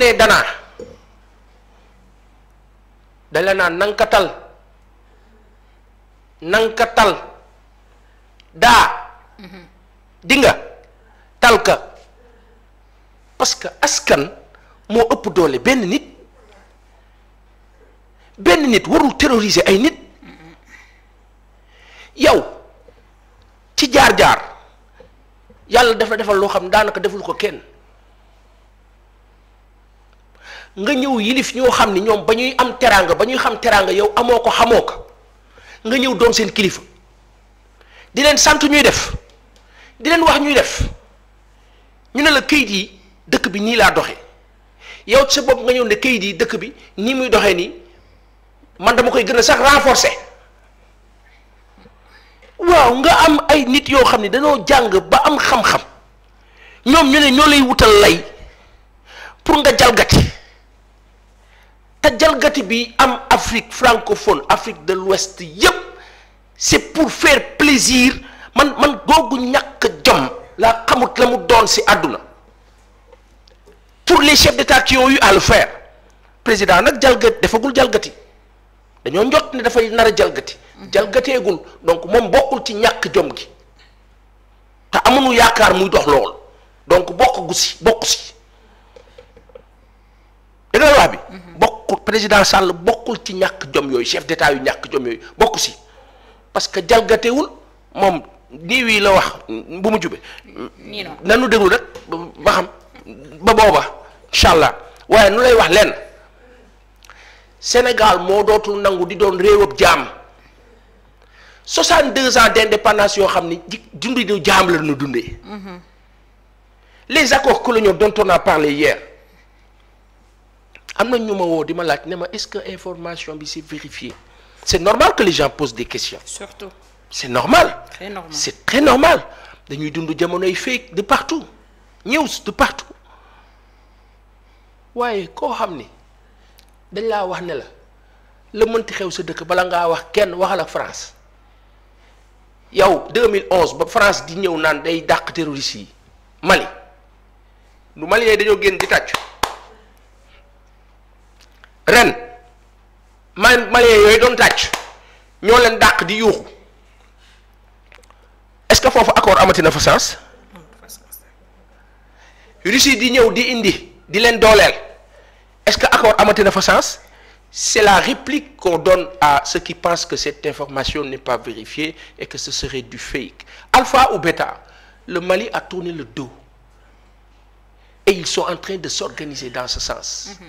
nee danaa dañ la naan nanga tal nanga tal daa mhm. dinga tal ka parce que askan moo ëpp doole benn nit benn nit warul terroriser ay nit mhm. yow ci jaar-jaar yàlla dafa defal loo xam daanaka deful ko kenn nga ñëw yilif ñoo xam ni ñoom ba ñuy am teraanga ba ñuy xam teraanga yow amoo ko xamoo ko nga ñëw doon seen kilifa di leen sant ñuy def di leen wax ñuy def ñu ne la kayit yi dëkk bi nii laa doxee yow sa bopp nga ñëw ne kayit yi dëkk bi nii muy doxee nii man dama koy gën a sax renforcer waaw nga am ay nit yoo xam ne dañoo jàng ba am xam-xam ñoom ñu ne ñoo lay wutal lay pour nga jalgati. te jalgati bi am Afrique francophone Afrique de l'Ouest yépp c'est pour faire plaisir man man googu ñàkk jom la xamut la mu doon ci àdduna pour les chefs d'État qui ont eu à président nag jalgati defagul jalgati dañoo njot ni dafay nar a jalgati jalgateegul donc moom bokkul ci ñàkk jom gi te amuñu yaakaar muy dox lool donc bokk si bokk si dégg nga bi mhm. bokk président Sall bokkul ci ñàkk jom yooyu chef d'état yu ñàkk jom yooyu bokku si parce que jalgatewul moom nii wii la wax bu mu jube nanu déglu rek ba xam ba booba incha allah waaye nu lay wax lenn Sénégal moo dootul nangu di doon réewab jaam 62 ans d'indépendance yoo xam ni ji dundu jaam la nu dundee mm-hmm. les accords coloniaux dont on a parlé hier am na ñu ma woo di ma laaj ne ma est-ce que information bi c'est vérifié c'est normal que les gens posent des questions. surtout c'est normal. très normal c'est très normal dañuy dund jamonoy fake de partout ñëw de partout waaye koo xam ni dañ laa wax ne la la mënti xew sa dëkk bala ngaa wax kenn waxal ak France yow 2011 ba France di ñëw naan day dàq terroristes yi Mali lu Mali dañoo génn di tàccu. malien yooyu doon tàcc ñoo leen dàq di yuuxu est-ce que foofu accord amati na fa sens Russie di ñëw di indi di leen dooleel est-ce que accord amati na fa sens c'est la réplique qu'on donne à ceux qui pensent que cette information n'est pas vérifiée et que ce serait du fake alpha ou bêta le Mali a tourné le dos et ils sont en train de s'organiser dans ce sens. Mm-hmm.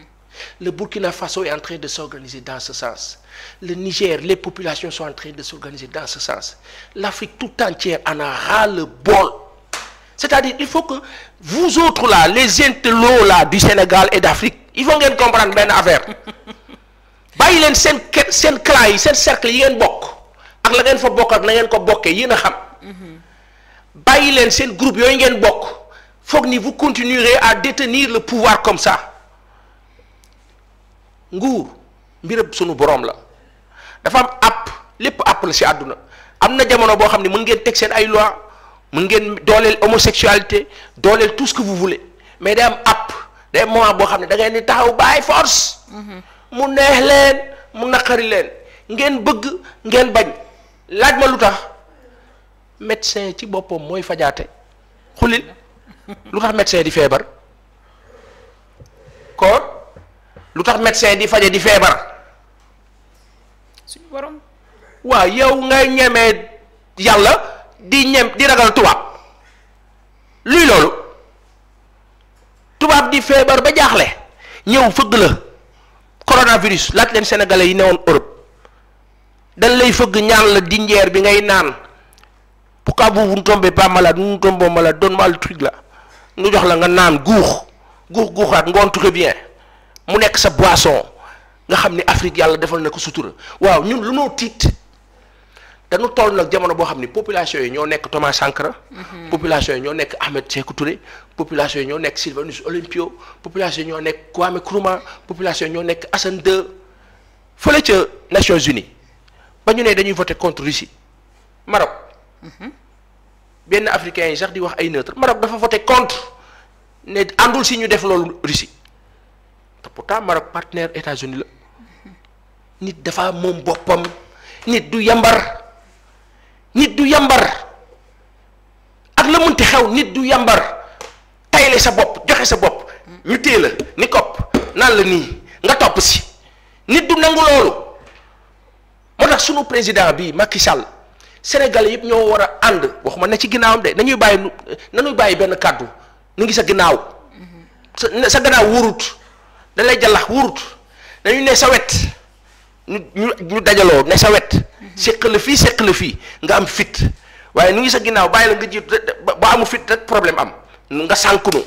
Le Burkina Faso est en train de s'organiser dans ce sens. Le Niger, les populations sont en train de s'organiser dans ce sens. L'Afrique tout entière en a ras bol. C'est-à-dire, il faut que vous autres la les intellos là du Sénégal et d'Afrique, ils vont bien comprendre benn affaire. bàyyi leen seen seen clan yi seen cercle yi ngeen bokk ak la ngeen fa bokk ak na ngeen ko bokkee yéen a xam bàyyi leen seen groupe yooyu ngeen bokk foog ni vous continuerez à détenir le pouvoir comme nguur mbirab sunu borom la dafa am àpp lépp àpp la si àdduna am na jamono boo xam ne mën ngeen teg seen ay loi mën ngeen dooleel homosexualité dooleel tout ce que vous mais day am àpp day am moment boo xam ne da ngeen di taxaw bàyyi force mu neex leen mu naqari leen ngeen bëgg ngeen bañ laaj ma lu tax médecin ci boppam mooy fajaate xulil lu tax médecin di feebar kon lu tax médecin di faje di feebar suñu yow nga ñemee yàlla di ñem di ragal tubaab luy loolu tubaab di feebar ba jaaxle ñëw fëgg la coronavirus laaj leen sénégalais yi newoon Europe dañ lay fëgg ñaan la dinjeer bi ngay naan pourquoi vous ne tombez pas malade nous ne tombons malade donne-moi le truc jox la nga naan guux guux guuxaat ngoon tout mu nekk sa boisson nga xam ni Afrique yàlla defal na ko sutura waaw ñun lu noo tiit dañu toll nag jamono boo xam ni population yi ñoo nekk Thomas Sankara. Mhm. population yi ñoo nekk Ahmed Sékou Touré. population yi ñoo nekk Sylvanus Olympio population yi ñoo nekk Kwame Nkrumah population yi ñoo nekk Assane II fële ca Nations Unies ba ñu ne dañuy voté contre Russie Maroc. Mhm. benn africain yi sax di wax ay neutre Maroc dafa voté contre ne àndul si ñu def loolu Russie. te pourtant Maroc partenaire États-Unis la nit dafa moom boppam nit du yambar nit du yambar ak la munti xew nit du yambar tayle sa bopp joxe sa bopp ñu téye la ni kopp naan la nii nga topp si nit du nangu loolu moo tax sunu président bi Macky Sall Sénégalais yëpp ñoo war a ànd waxuma ne ci ginnaawam de nañuy bàyyi nañuy bàyyi benn kàddu nu ngi sa ginnaaw sa gannaaw wóorut dañ lay jàllax wurut dañu ne sa wet ñu ñu dajaloo ne sa wet mhm. séq la fii séq la fii nga am fit waaye nu ngi sa ginnaaw bàyyi la nga jiitu ba amu fit rek problème am nga sànkunu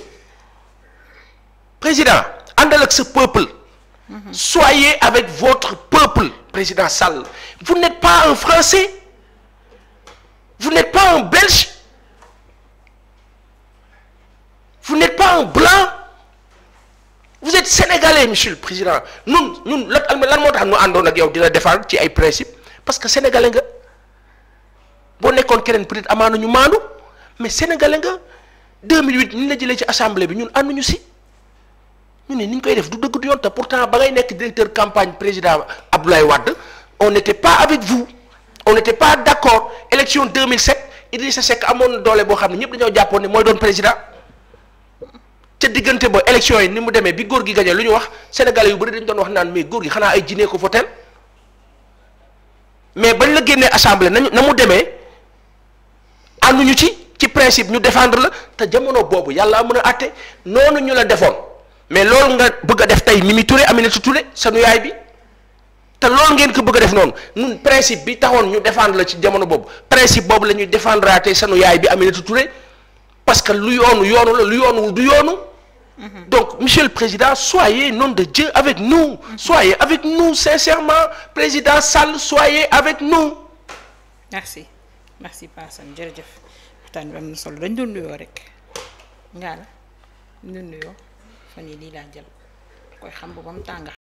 président àndal ak sa peuple mhm. soyez avec votre peuple président Sall vous n'êtes pas un français vous n'êtes pas un belge êtes sénégalais monsieur le président ñun ñun lan moo tax ñu àndoon ak yow dina defar ci ay principe parce que sénégalais nga boo nekkoon keneen peut-être amaana ñu maandu mais sénégalais nga 2008 ñu la jëlee ci assemblée bi ñun am ànduñu si ñu ne ni ñu koy def du dëgg du yoon te pourtant ba ngay nekk directeur campagne président Abdoulaye Wade on n'était pas avec vous on n'était pas d'accord élection 2007 Idrissa Seck amoon na doole boo xam ne ñëpp dañoo jàppoon ne mooy doon président. ca diggante ba élection yi ni mu demee bi góor gi gagné lu ñu wax sénégalais yu bari dañ doon wax naan mais góor gi xanaa ay jinne ko votel mais bañ la génnee assemblée nañu na mu demee ànduñu ci ci principe ñu défendre la te jamono boobu yàlla a mën a àtte noonu ñu la defoon mais loolu nga bëgg a def tey Mimi Touré Aminata Touré sanu yaay bi te loolu ngeen ko bëgg a def noonu ñun principe bi taxoon ñu défendre la ci jamono boobu principe boobu la ñuy défendre tey sanu yaay bi Aminata Touré parce que lu yoonu yoonu lu yoonu du yoonu. Mhm. donc monsieur le président soyez nom de Dieu avec nous. Mhm. soyez avec nous sincèrement président Sall soyez avec nous. merci merci Pa Assane jërëjëf waxtaan bi am na solo dañ doon nuyoo rek nga la ñu nuyoo fan yii lii xam ba mu tàng.